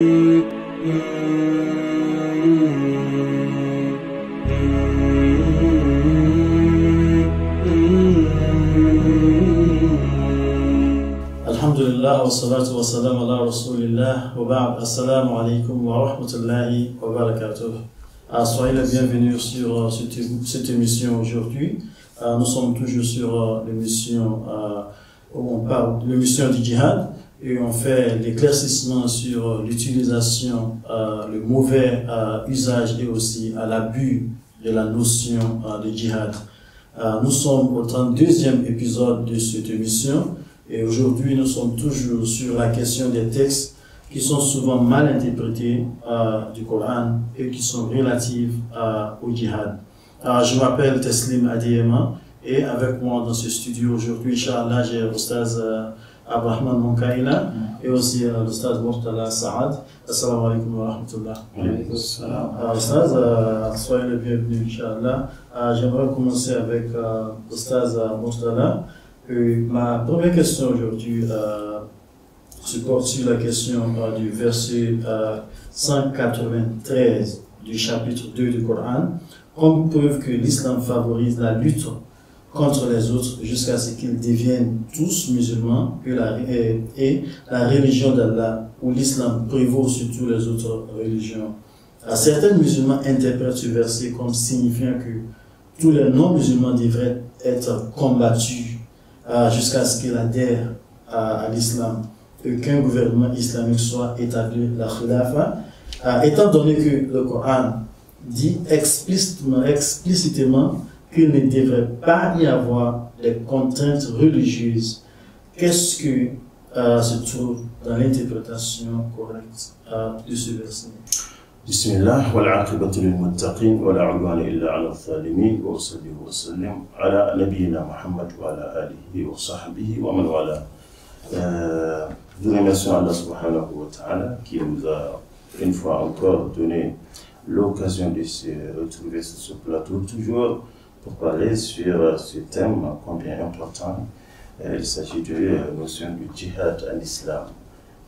Alhamdulillah wa salatu wa salam ala rasulillah wa ba'd assalamu alaikum wa rahmatullahi wa barakatuh. Ah, soyez les bienvenus sur euh, cette, émission aujourd'hui. Ah, nous sommes toujours sur euh, l'émission euh, où on parle, de l'émission du jihad et on fait l'éclaircissement sur euh, l'utilisation, euh, le mauvais euh, usage et aussi à l'abus de la notion de djihad. nous sommes au 32e épisode de cette émission et aujourd'hui nous sommes toujours sur la question des textes qui sont souvent mal interprétés du Coran et qui sont relatifs au djihad. je m'appelle Teslim Adiyema et avec moi dans ce studio aujourd'hui, Lager, j'ai Abraham Moukaïna et aussi euh, l'Oustaz Murtala Saad. Assalamu alaikum wa rahmatullah. Euh, Oustaz, euh, soyez le bienvenu, Inch'Allah. Euh, j'aimerais commencer avec l'Oustaz euh, euh, Murtala. ma première question aujourd'hui se porte sur la question du verset 193 du chapitre 2 du Coran, comme preuve que l'islam favorise la lutte contre les autres jusqu'à ce qu'ils deviennent tous musulmans et la, et, la religion d'Allah ou l'islam prévaut sur toutes les autres religions. certains musulmans interprètent ce verset comme signifiant que tous les non-musulmans devraient être combattus euh, jusqu'à ce qu'ils adhèrent à, l'islam et qu'un gouvernement islamique soit établi, la khilafa, euh, étant donné que le Coran dit explicitement, explicitement qu'il ne devrait pas y avoir des contraintes religieuses. Qu'est-ce que euh, se trouve dans l'interprétation correcte euh, de ce verset بسم euh, Allah subhanahu wa qui nous a une fois encore donné l'occasion de se retrouver sur ce plateau toujours parler sur euh, ce thème combien important. Euh, il s'agit de euh, la notion du djihad en islam.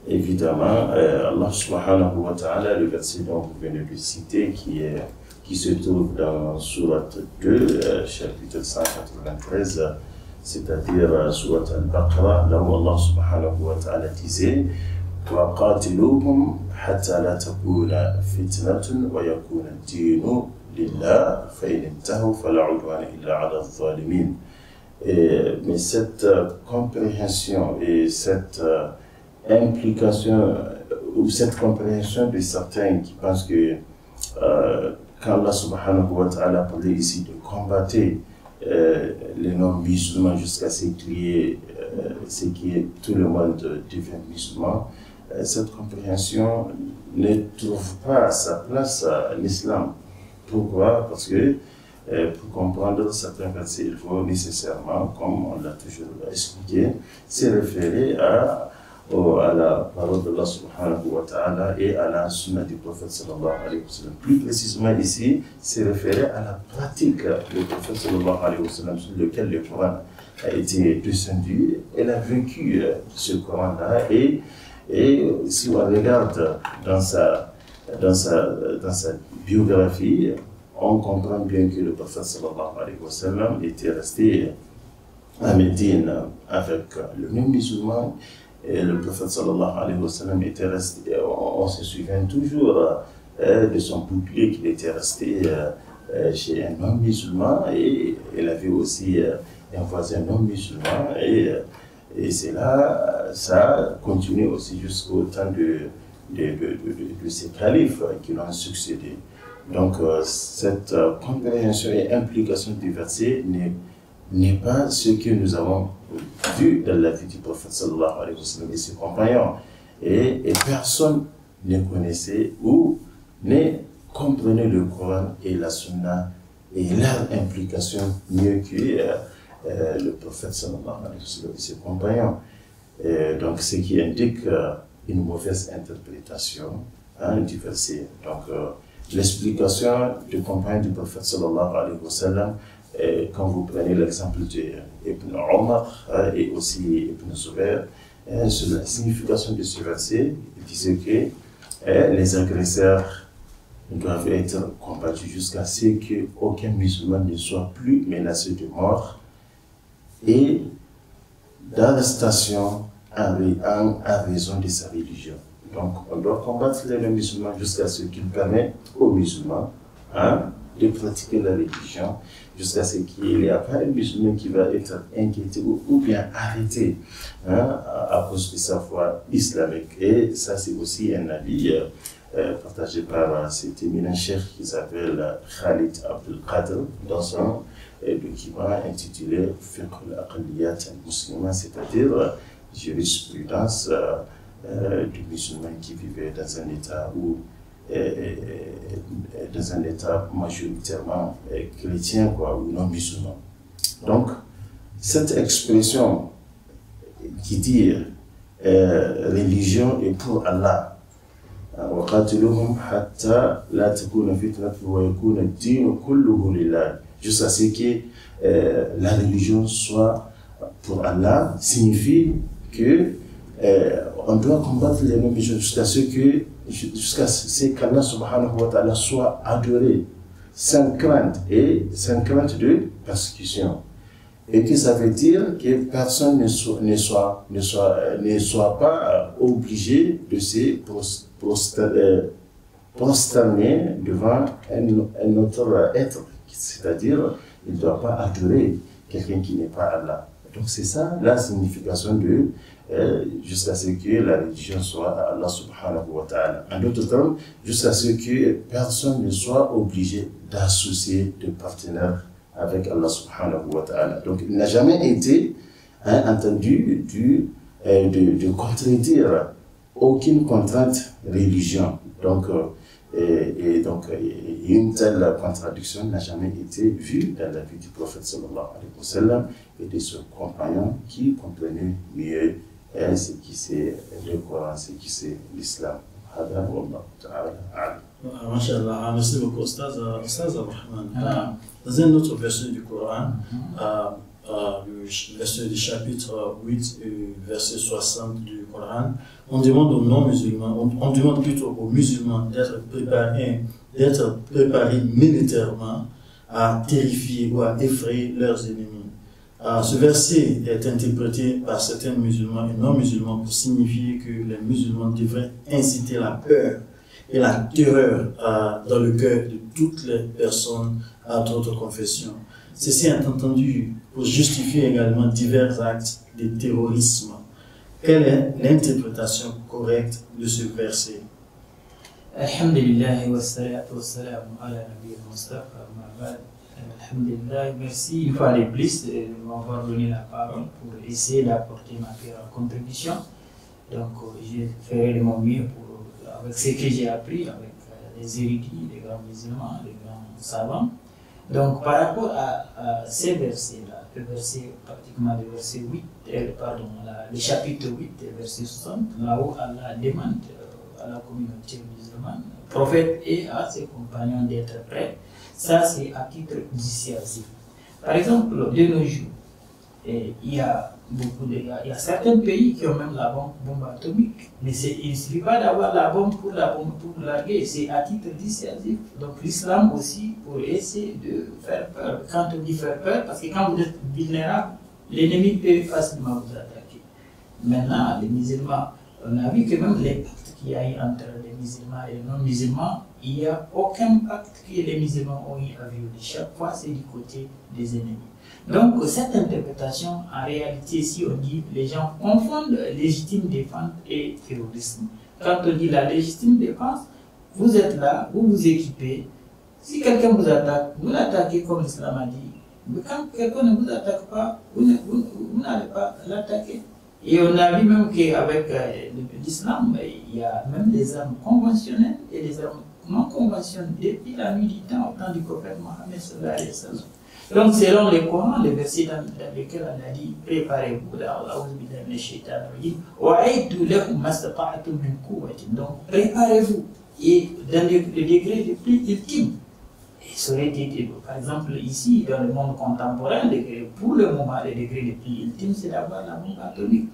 Évidemment, Allah subhanahu wa ta'ala, le verset dont vous venez de citer, qui, est, qui se trouve dans Surat 2, chapitre 193, c'est-à-dire Surat al-Baqarah, là où Allah subhanahu wa ta'ala disait وقاتلوهم حتى لا تكون فتنة ويكون الدين mais cette euh, compréhension et cette euh, implication euh, ou cette compréhension de certains qui pensent que quand Allah subhanahu wa ta'ala ici de combattre les non-musulmans jusqu'à ce qu'il y ait tout le monde devient musulman, cette compréhension ne trouve pas sa place à l'islam. Pourquoi Parce que euh, pour comprendre certains versets, il faut nécessairement, comme on l'a toujours expliqué, se référer à, au, à la parole Allah subhanahu wa ta'ala et à la sunna du prophète sallallahu alayhi wa sallam. Plus précisément ici, se référer à la pratique du prophète sallallahu alayhi wa sallam sur lequel le Coran a été descendu. Elle a vécu euh, ce Coran-là et, et si on regarde dans sa dans sa, dans sa biographie, on comprend bien que le prophète sallallahu alayhi wa sallam était resté à Medine avec le même musulman. Et le prophète sallallahu alayhi wa sallam était resté, on, se souvient toujours euh, de son bouclier qu'il était resté euh, euh, chez un homme musulman et il avait aussi un voisin non musulman et, et c'est là, ça continue aussi jusqu'au temps de de, ces califes euh, qui l'ont succédé. Donc, euh, cette euh, compréhension et implication du verset n'est pas ce que nous avons vu dans la vie du prophète sallallahu alayhi wa sallam et ses compagnons. Et, personne ne connaissait ou ne comprenait le Coran et la Sunna et leur implication mieux que le prophète sallallahu alayhi wa sallam et ses compagnons. donc, ce qui indique une mauvaise interprétation hein, du verset. Donc, euh, l'explication de compagnie du prophète sallallahu alayhi wa sallam, quand vous prenez l'exemple d'Ibn Omar hein, et aussi Ibn Zubair, hein, sur la signification de ce verset, il disait que les agresseurs doivent être combattus jusqu'à ce qu'aucun musulman ne soit plus menacé de mort. Et dans la station à raison de sa religion. Donc, on doit combattre les musulmans jusqu'à ce qu'ils permettent aux musulmans hein, de pratiquer la religion, jusqu'à ce qu'il n'y ait pas un musulman qui va être inquiété ou, bien arrêté hein, à, cause de sa foi islamique. Et ça, c'est aussi un avis euh, euh, partagé par euh, cet éminent chef qui s'appelle Khalid Abdul dans son euh, document intitulé Fiqh al-Aqliyat cest c'est-à-dire jurisprudence euh, euh, du musulman qui vivait dans un État où euh, dans un État majoritairement chrétien quoi, ou non musulman. Donc, cette expression qui dit religion est pour Allah, hein, juste à ce que la religion soit pour Allah signifie que euh, on doit combattre les mêmes choses jusqu'à ce que jusqu'à ce qu'Allah subhanahu wa ta'ala soit adoré 50 et sans crainte de persécution. Et que ça veut dire que personne ne soit, ne soit, ne soit, ne soit pas euh, obligé de se euh, prosterner devant un, un, autre être. C'est-à-dire, il ne doit pas adorer quelqu'un qui n'est pas Allah. Donc c'est ça la signification de euh, jusqu'à ce que la religion soit à Allah subhanahu wa ta'ala. En d'autres termes, jusqu'à ce que personne ne soit obligé d'associer de partenaire avec Allah subhanahu wa ta'ala. Donc il n'a jamais été hein, entendu du, euh, de, de aucune contrainte religion. Donc euh, et, et donc, une telle contradiction n'a jamais été vue dans la vie du prophète sallallahu alayhi wa sallam et de son compagnon qui comprenait mieux hein, ce qui c'est le Coran, ce qui c'est l'islam. Masha'Allah, ah, ah, merci beaucoup, ah, Ustaz Abou-Rahman, Dans un autre verset du Coran, mm-hmm. le verset du chapitre 8 verset 60 du Coran, on demande aux non-musulmans, on, demande plutôt aux musulmans d'être préparés, militairement à terrifier ou à effrayer leurs ennemis. Ah, ce verset est interprété par certains musulmans et non-musulmans pour signifier que les musulmans devraient inciter la peur et la terreur ah, dans le cœur de toutes les personnes à d'autres confessions. Ceci est entendu pour justifier également divers actes de terrorisme quelle est l'interprétation correcte de ce verset Alhamdulillah, wa Alhamdulillah, merci une fois de plus de euh, m'avoir donné la parole pour essayer d'apporter ma pire contribution. Donc, euh, je ferai de mon mieux pour, euh, avec ce que j'ai appris, avec les érudits, les grands musulmans, les grands savants, donc, par rapport à, ces versets-là, le verset, pratiquement le verset 8, euh, pardon, le chapitre 8, verset 60, là où Allah demande euh, à la communauté musulmane, prophète et à ses compagnons d'être prêts, ça c'est à titre dissuasif. Par exemple, de nos jours, il y a beaucoup de, il y a, certains pays qui ont même la bombe, atomique. Mais il ne suffit pas d'avoir la bombe pour la bombe pour larguer. C'est à titre dissuasif. Donc l'islam aussi pour essayer de faire peur. Quand on dit faire peur, parce que quand vous êtes vulnérable, l'ennemi peut facilement vous attaquer. Maintenant, les musulmans, on a vu que même les pactes qu'il y a eu entre les musulmans et les non-musulmans, il n'y a aucun pacte que les musulmans ont eu à violer. Chaque fois, c'est du côté des ennemis. Donc, cette interprétation, en réalité, si on dit, les gens confondent légitime défense et terrorisme. Quand on dit la légitime défense, vous êtes là, vous vous équipez. Si quelqu'un vous attaque, vous l'attaquez comme l'islam a dit. Mais quand quelqu'un ne vous attaque pas, vous n'allez pas l'attaquer. Et on a vu même qu'avec euh, l'islam, il y a même des armes conventionnelles et des armes non conventionnelles depuis la nuit du au temps du prophète Mohammed. Donc, selon les Coran, le verset dans, lesquels lequel on a dit Préparez-vous, donc préparez-vous. Et dans le, degré le plus ultime, Il serait dit, par exemple, ici, dans le monde contemporain, pour le moment, le degré le plus ultime, c'est d'avoir l'amour catholique.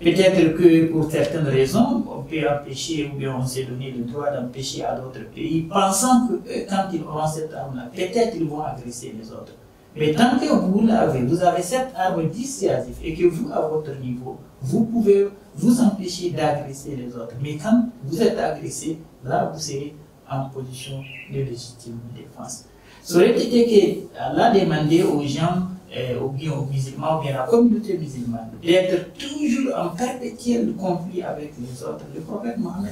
Peut-être que pour certaines raisons, on peut empêcher ou bien on s'est donné le droit d'empêcher à d'autres pays, pensant que euh, quand ils auront cette arme-là, peut-être ils vont agresser les autres. Mais tant que vous l'avez, vous avez cet arbre dissuasif et que vous, à votre niveau, vous pouvez vous empêcher d'agresser les autres. Mais quand vous êtes agressé, là, vous serez en position de légitime défense. Ça aurait été que Allah demandé aux gens, euh, ou bien aux musulmans, ou bien à la communauté musulmane, d'être toujours en perpétuel conflit avec les autres. Le prophète Mohammed,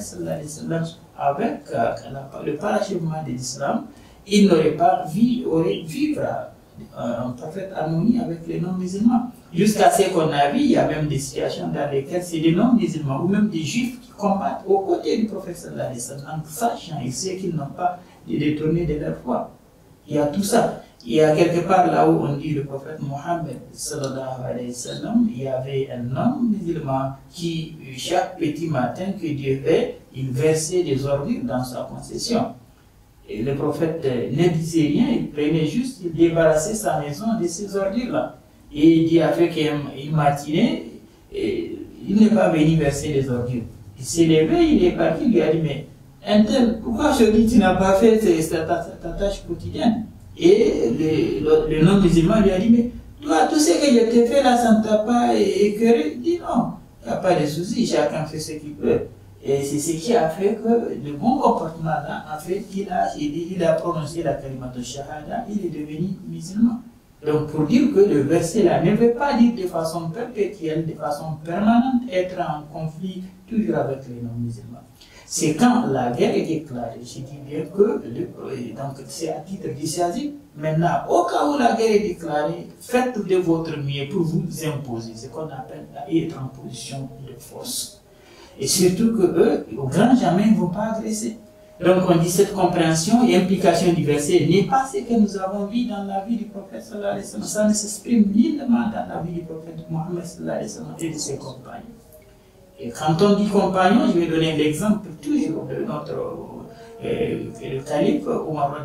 avec euh, le parachèvement de l'islam, il n'aurait pas vu, aurait vivre euh, un prophète harmonie avec les non-musulmans. Jusqu'à ce qu'on vu, il y a même des situations dans lesquelles c'est des non-musulmans ou même des juifs qui combattent aux côtés du prophète en sachant et sait qu'ils n'ont pas de détourner de leur foi. Il y a tout ça. Il y a quelque part là où on dit le prophète Mohammed il y avait un homme musulman qui, chaque petit matin que Dieu fait, il versait des ordures dans sa concession le prophète euh, ne disait rien, il prenait juste, il débarrassait sa maison de ses ordures-là. Et il dit, avec qu'il matinée, et il n'est pas venu verser les ordures. Il s'est levé, il est parti, il lui a dit, mais un tel, pourquoi dis tu n'as pas fait ta, tâche quotidienne Et le, le non-musulman lui a dit, mais toi, tout ce que je t'ai fait là, ça ne t'a pas écœuré Il dit, non, il n'y a pas de souci, chacun fait ce qu'il peut. Et c'est ce qui a fait que le bon comportement là, en fait, il a, il, a prononcé la de shahada, il est devenu musulman. Donc pour dire que le verset là ne veut pas dire de façon perpétuelle, de façon permanente, être en conflit toujours avec les non-musulmans. C'est quand la guerre est déclarée, je dis bien que euh, donc c'est à titre dissuasif. Maintenant, au cas où la guerre est déclarée, faites de votre mieux pour vous imposer, ce qu'on appelle être en position de force. Et surtout que eux, au grand jamais, ne vont pas agresser. Donc on dit cette compréhension et implication du verset n'est pas ce que nous avons vu dans la vie du prophète sallallahu Ça ne s'exprime nullement dans la vie du prophète Mohammed et de ses compagnons. Et quand on dit compagnons, je vais donner l'exemple toujours de notre euh, calife Omar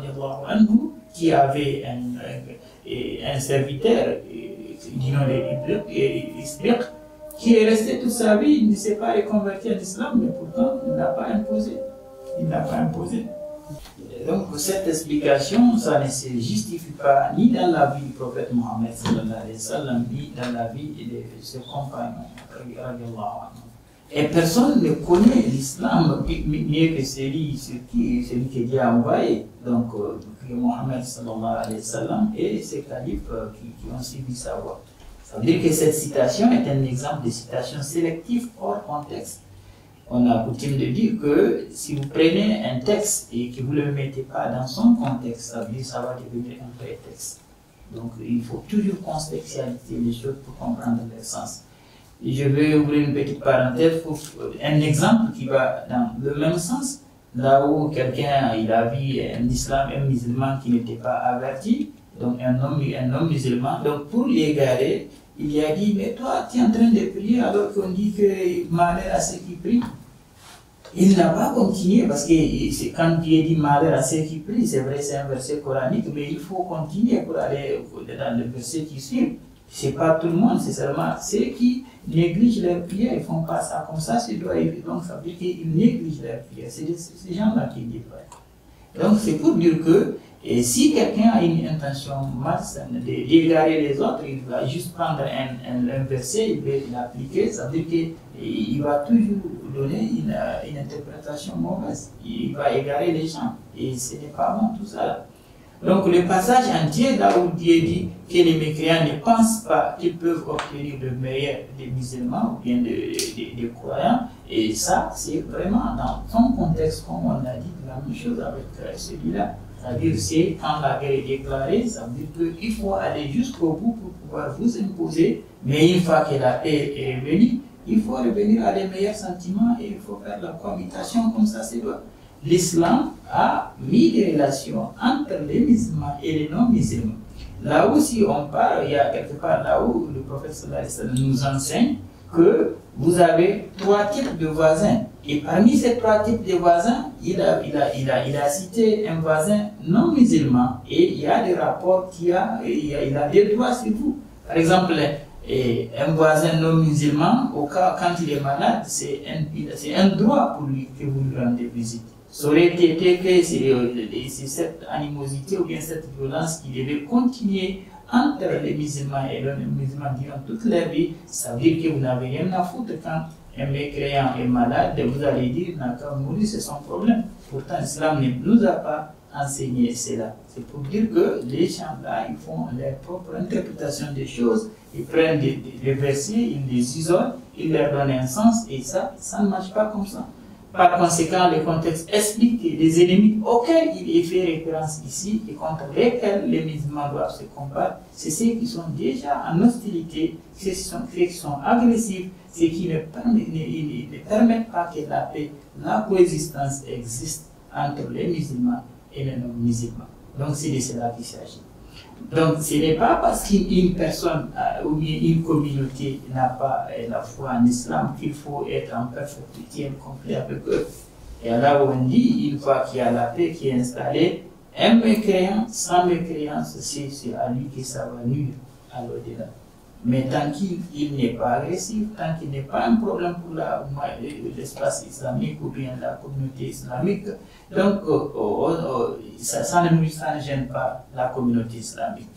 qui avait un, un, un serviteur du nom de qui est resté toute sa vie, il ne s'est pas reconverti à l'islam, mais pourtant, il n'a pas imposé. Il n'a pas imposé. donc, cette explication, ça ne se justifie pas ni dans la vie du prophète Mohammed, ni dans la vie de ses compagnons. Et personne ne connaît l'islam mieux que celui, qui celui a envoyé, donc euh, Mohammed et ses califes euh, qui, qui ont suivi sa voie. Ça veut dire que cette citation est un exemple de citation sélective hors contexte. On a coutume de dire que si vous prenez un texte et que vous ne le mettez pas dans son contexte, ça veut dire que ça va devenir un prétexte. Donc il faut toujours contextualiser les choses pour comprendre leur sens. je vais ouvrir une petite parenthèse pour un exemple qui va dans le même sens. Là où quelqu'un il a vu un islam, un musulman qui n'était pas averti, donc un homme, un homme musulman. Donc pour l'égarer, il a dit, mais toi, tu es en train de prier alors qu'on dit que malheur à ceux qui prient. Il n'a pas continué parce que quand il dit malheur à ceux qui prient, c'est vrai, c'est un verset coranique, mais il faut continuer pour aller dans le verset qui suit. C'est pas tout le monde, c'est seulement ceux qui négligent leur prière, ils font pas ça comme ça, c'est doit Donc ça veut dire qu'ils négligent leur prière. C'est ces gens-là qui dévoilent. Donc c'est pour dire que et si quelqu'un a une intention malsaine d'égarer les autres, il va juste prendre un, un, verset, il va l'appliquer, ça veut dire qu'il va toujours donner une, euh, une, interprétation mauvaise. Il va égarer les gens. Et ce n'est pas bon tout ça. Donc le passage entier là où Dieu dit que les mécréants ne pensent pas qu'ils peuvent obtenir le meilleur des musulmans ou bien des, des croyants, et ça c'est vraiment dans son contexte, comme on a dit, la même chose avec euh, celui-là. C'est-à-dire, c'est quand la guerre est déclarée, ça veut dire qu'il faut aller jusqu'au bout pour pouvoir vous imposer. Mais une fois que la paix est revenue, il faut revenir à des meilleurs sentiments et il faut faire la cohabitation comme ça c'est doit. L'islam a mis des relations entre les musulmans et les non-musulmans. Là aussi, on parle, il y a quelque part là où le prophète nous enseigne que vous avez trois types de voisins et parmi ces pratiques de voisins, il a, il, a, il, a, cité un voisin non musulman et il y a des rapports qui a, il a, des droits sur vous. Par exemple, eh, un voisin non musulman, au cas, quand il est malade, c'est un, un, droit pour lui que vous lui rendez visite. Ça aurait été que euh, c'est cette animosité ou bien cette violence qui devait continuer entre les musulmans et les musulmans durant toute leur vie. Ça veut dire que vous n'avez rien à foutre quand un mécréant est malade, vous allez dire, D'accord, c'est son problème. Pourtant, l'islam ne nous a pas enseigné cela. C'est pour dire que les gens-là, ils font leur propre interprétation des choses, ils prennent des, des versets, ils les ils leur donnent un sens, et ça, ça ne marche pas comme ça. Par conséquent, le contexte explique les ennemis auxquels il est fait référence ici et contre lesquels les musulmans doivent se combattre, c'est ceux qui sont déjà en hostilité, ceux qui sont, agressifs, ceux qui ne, ne permettent pas que la paix, la coexistence existe entre les musulmans et les non-musulmans. Donc c'est de cela qu'il s'agit. Donc, ce n'est pas parce qu'une personne euh, ou une communauté n'a pas euh, la foi en islam qu'il faut être en perfect chrétien complet avec eux. Et là on dit, une fois qu'il y a la paix qui est installée, un mécréant sans mécréance, c'est à lui que ça va nuire à l'au-delà. Mais tant qu'il n'est pas agressif, tant qu'il n'est pas un problème pour l'espace islamique ou bien la communauté islamique, donc euh, euh, euh, ça, ne, gêne pas la communauté islamique.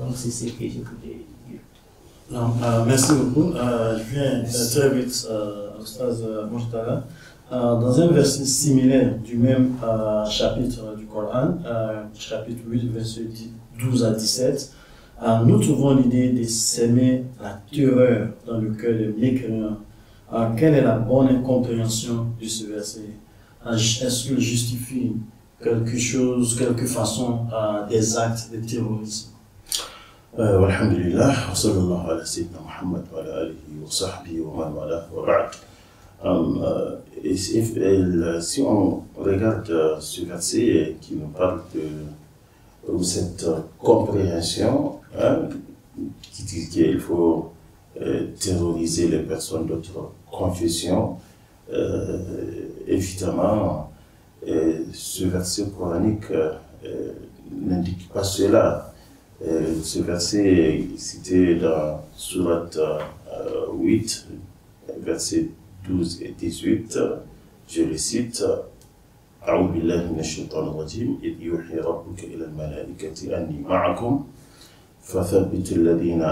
Donc c'est ce que je voulais dire. merci beaucoup. je viens très vite, Ostaz dans un verset similaire du même chapitre du Coran, chapitre 8, verset 12 à 17, alors, nous trouvons l'idée de s'aimer la terreur dans le cœur des mécréants. Alors, quelle est la bonne incompréhension de ce verset Est-ce qu'il justifie quelque chose, quelque façon, des actes de terrorisme euh, Alhamdulillah, wa sallallahu ala sayyidina Muhammad wa ala alihi wa sahbihi wa man wa ba'd. Um, euh, si on regarde euh, ce verset qui nous parle de, de cette compréhension Hein? qui dit qu'il faut euh, terroriser les personnes d'autres confessions, euh, évidemment, euh, ce verset coranique n'indique pas cela. ce verset est cité dans Surat 8, versets 12 et 18, je le cite. أعوذ بالله من الشيطان الرجيم إذ يوحي ربك إلى الملائكة Effectivement,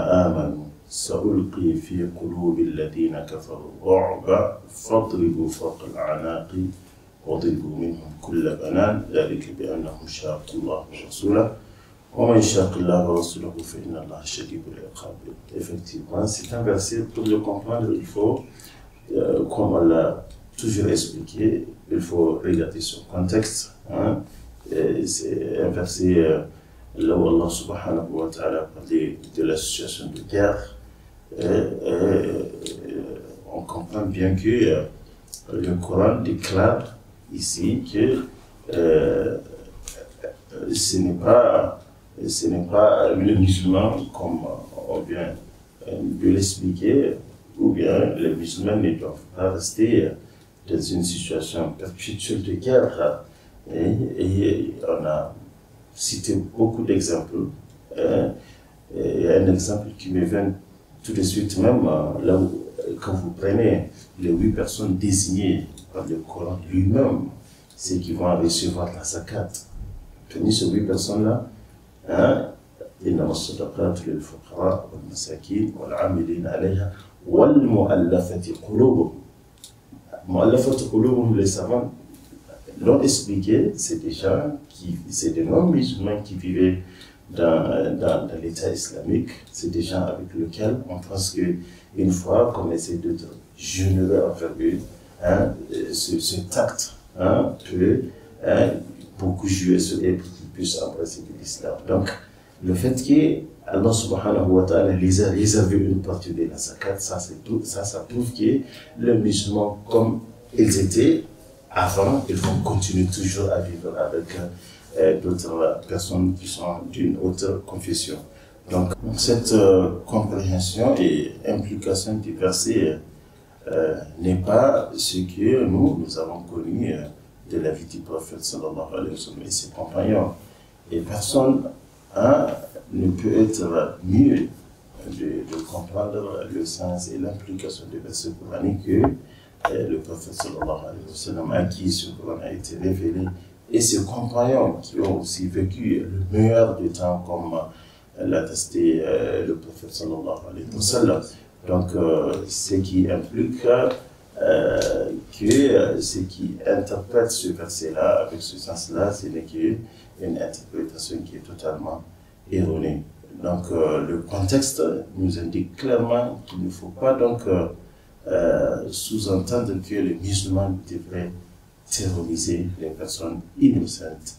c'est un pour le comprendre, il faut, euh, comme on l'a toujours expliqué, il faut regarder son contexte. Hein. c'est inversé là où Allah subhanahu wa ta'ala a de la situation de guerre, euh, euh, on comprend bien que euh, le Coran déclare ici que ce n'est pas ce n'est pas le musulman comme on vient de l'expliquer, ou bien les musulmans ne doivent pas rester dans une situation perpétuelle de guerre. et on a citer beaucoup d'exemples. Hein. Il y a un exemple qui me vient tout de suite, même euh, là euh, quand vous prenez les huit personnes désignées par le Coran lui-même, c'est qui vont recevoir la zakat. prenez ces huit personnes-là, hein, إنما الصدقات للفقراء والمساكين alayha, les والمؤلفة قلوبهم مؤلفة قلوبهم les savants l'ont expliqué, c'est des gens qui, c'est des non-musulmans qui vivaient dans, l'État islamique. C'est des gens avec lesquels on pense qu'une fois qu'on essaie d'être généreux envers eux, hein, ce, tact hein, peut hein, beaucoup jouer sur eux pour qu'ils puissent embrasser l'islam. Donc, le fait que subhanahu wa ta'ala les a réservés une partie de la zakat, ça, ça, ça prouve que les musulmans, comme ils étaient, avant, ils vont continuer toujours à vivre avec euh, d'autres personnes qui sont d'une autre confession. Donc, cette euh, compréhension et implication du verset euh, n'est pas ce que nous, nous avons connu de la vie du prophète sallallahu alayhi wa sallam et ses compagnons. Et personne hein, ne peut être mieux de, comprendre le sens et l'implication du verset coranique que le prophète sallam, à qui ce qu'on a été révélé, et ses compagnons qui ont aussi vécu le meilleur des temps, comme euh, l'a testé euh, le prophète sallallahu alayhi wa sallam. Donc, euh, ce qui implique que ce qui interprète ce verset-là avec ce sens-là, ce n'est qu'une interprétation qui est totalement erronée. Donc, le contexte nous indique clairement qu'il ne faut pas donc euh, sous-entendre que les musulmans devraient terroriser les personnes innocentes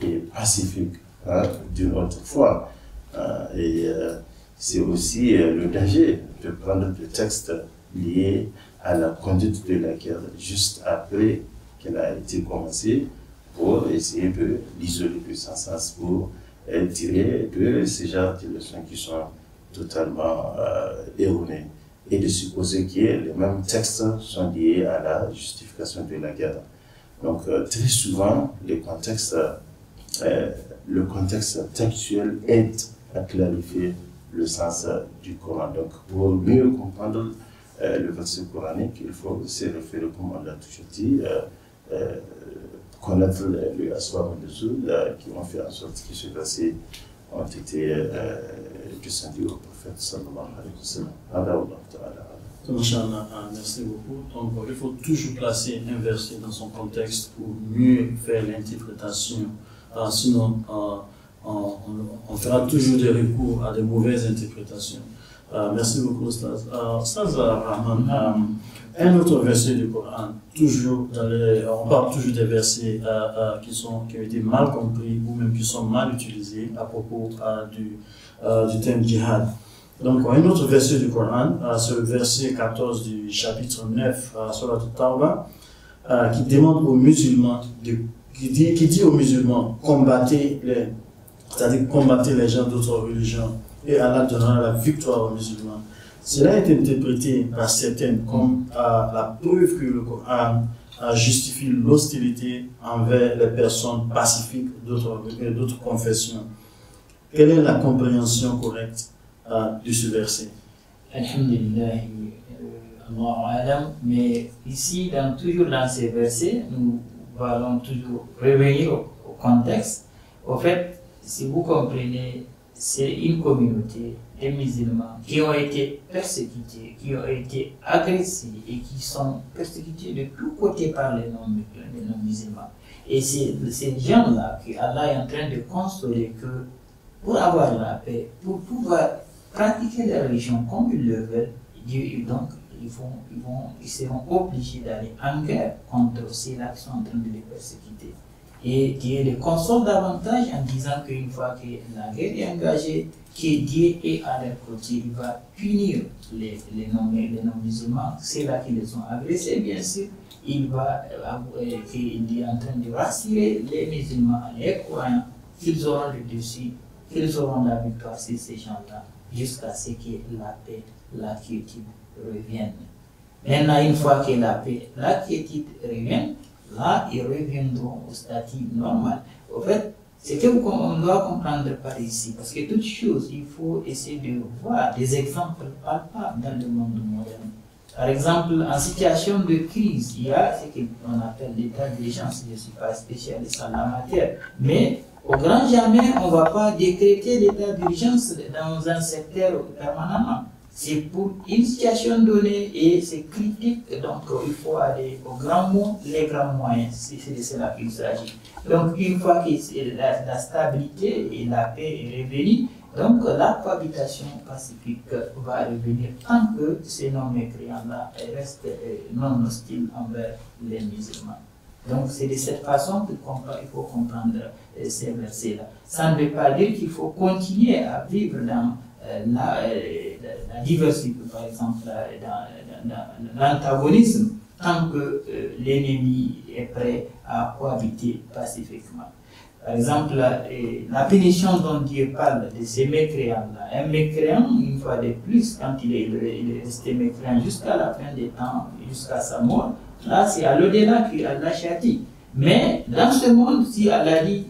et pacifiques hein, d'une autre foi. Euh, et euh, c'est aussi le danger de prendre le texte lié à la conduite de la guerre juste après qu'elle a été commencée pour essayer de l'isoler de son sens, pour tirer de ces genres de leçons qui sont totalement erronées et de supposer que les mêmes textes sont liés à la justification de la guerre. Donc euh, très souvent, le contexte, euh, le contexte textuel aide à clarifier le sens euh, du Coran. Donc pour mieux comprendre le verset coranique, il faut se le comme on l'a toujours dit, connaître le Aswar en dessous, qui ont fait en sorte que ce verset ont été descendu au euh, merci beaucoup. Donc, euh, il faut toujours placer un verset dans son contexte pour mieux faire l'interprétation. Euh, sinon, on, fera toujours des recours à de mauvaises interprétations. merci beaucoup, Stas. Stas Rahman, un autre verset du Coran, toujours on parle toujours des versets qui, sont, qui ont été mal compris ou même qui sont mal utilisés à propos du, du, thème djihad. Donc, un autre verset du Coran, euh, c'est verset 14 du chapitre 9, sur Tawbah, qui demande aux musulmans, de, qui, dit, qui dit aux musulmans, combattez les, c'est-à-dire les gens d'autres religions, et Allah donnera la victoire aux musulmans. Cela est interprété par certains comme euh, la preuve que le Coran euh, justifie l'hostilité envers les personnes pacifiques d'autres confessions. Quelle est la compréhension correcte euh, de ce verset Alhamdulillah, euh, mais ici, dans, toujours dans ces versets, nous allons toujours réveiller au, contexte. Au fait, si vous comprenez, c'est une communauté des musulmans qui ont été persécutés, qui ont été agressés et qui sont persécutés de tous côtés par les non-musulmans. et c'est ces gens-là que Allah est en train de consoler que pour avoir la paix, pour pouvoir pratiquer la religion comme ils le veulent, donc, ils, vont, ils, vont, ils seront obligés d'aller en guerre contre ceux là qui sont en train de les persécuter. Et Dieu les console davantage en disant qu'une fois que la guerre est engagée, que Dieu est à leur côté, il va punir les, les non-musulmans, ceux là qui les ont agressés, bien sûr. Il va qu'il est en train de rassurer les musulmans, les croyants, qu'ils auront le dessus, qu'ils auront la victoire sur ces gens-là jusqu'à ce que la paix, la quiétude revienne. Maintenant, une fois que la paix, la quiétude revient, là, ils reviendront au statut normal. Au fait, c'est ce qu'on doit comprendre par ici, parce que toute chose, il faut essayer de voir des exemples palpables dans le monde moderne. Par exemple, en situation de crise, il y a ce qu'on appelle l'état d'urgence. Je ne suis pas spécialiste en la matière, mais au grand jamais, on ne va pas décréter l'état d'urgence dans un secteur permanent. C'est pour une situation donnée et c'est critique, donc il faut aller au grand mot, les grands moyens. si C'est de cela qu'il s'agit. Donc une fois que la, la, stabilité et la paix est revenue, donc la cohabitation pacifique va revenir tant que ces non-mécréants-là restent euh, non hostiles envers les musulmans. Donc, c'est de cette façon qu'il faut comprendre euh, ces versets-là. Ça ne veut pas dire qu'il faut continuer à vivre dans euh, euh, la, diversité, par exemple, dans, l'antagonisme, tant que l'ennemi est prêt à cohabiter pacifiquement. Par exemple, la, dont Dieu parle de ces mécréants-là, un mécréant, une fois de plus, quand il est, il est resté mécréant jusqu'à la fin des temps, jusqu'à sa mort, Là, ah, c'est à l'au-delà a châtie. Mais dans ce monde, si Allah dit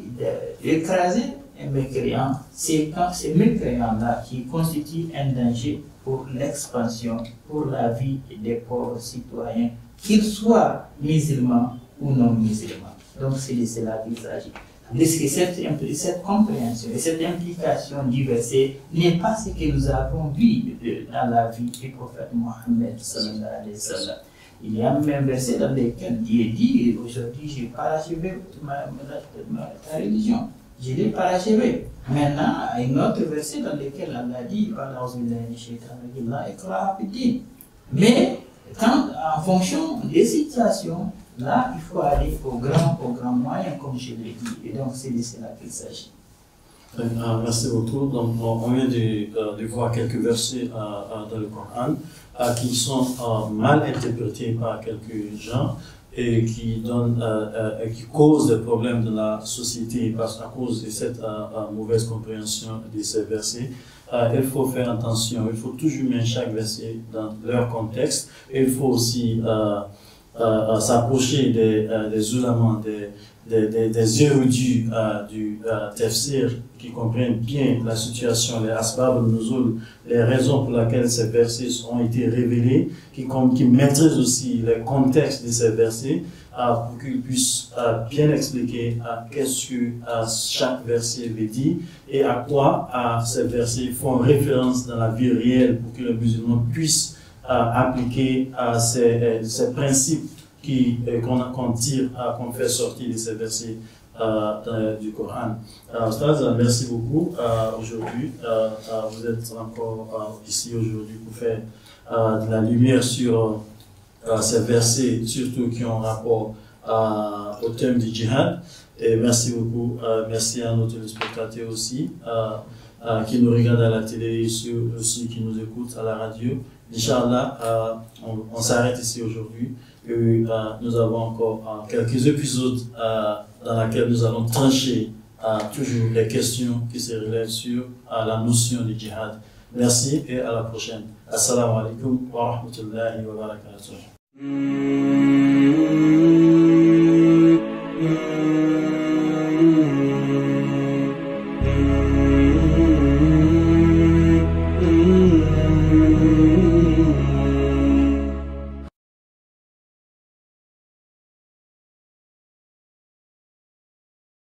d'écraser un eh mécréant, c'est quand ces mécréants-là qui constitue un danger pour l'expansion, pour la vie des pauvres citoyens, qu'ils soient musulmans ou non musulmans. Donc c'est de cela qu'il s'agit. que cette, compréhension et cette implication diversée n'est pas ce que nous avons vu euh, dans la vie du prophète Mohammed. Il y a même verset dans lequel est dit Aujourd'hui, j'ai parachevé ma, ma, ma, ta religion. Je l'ai parachevé. Maintenant, il y un autre verset dans lequel on a dit Mais quand, en fonction des situations, là, il faut aller au grand, au grand moyen, comme je l'ai dit. Et donc, c'est de cela qu'il s'agit merci beaucoup. Donc, on vient de, voir quelques versets euh, euh, dans le Coran euh, qui sont mal interprétés par quelques gens et qui, donnent, qui cause des problèmes dans la société parce à cause de cette mauvaise compréhension de ces versets. il faut faire attention, il faut toujours mettre chaque verset dans leur contexte. Il faut aussi s'approcher des, des, des des, des, érudits du tafsir qui comprennent bien la situation, les asbab nuzul, les raisons pour lesquelles ces versets ont été révélés, qui, qui maîtrisent aussi le contexte de ces versets, euh, pour qu'ils puissent bien expliquer à qu'est-ce que chaque verset veut dire et à quoi ces versets font référence dans la vie réelle pour que le musulman puisse appliquer ces, euh, ces principes qui euh, qu'on tire, euh, qu'on fait sortir de ces versets euh, du Coran. merci beaucoup aujourd'hui. vous êtes encore ici aujourd'hui pour faire de la lumière sur ces versets, surtout qui ont rapport au thème du djihad. Et merci beaucoup. merci à nos téléspectateurs aussi qui nous regardent à la télé et aussi qui nous écoutent à la radio. Inch'Allah, on s'arrête ici aujourd'hui. Euh, nous avons encore euh, quelques épisodes euh, dans lesquels nous allons trancher toujours les questions qui se relèvent sur la notion du djihad. Merci et à la prochaine. Assalamu alaikum wa rahmatullahi wa barakatuh. Mm-hmm.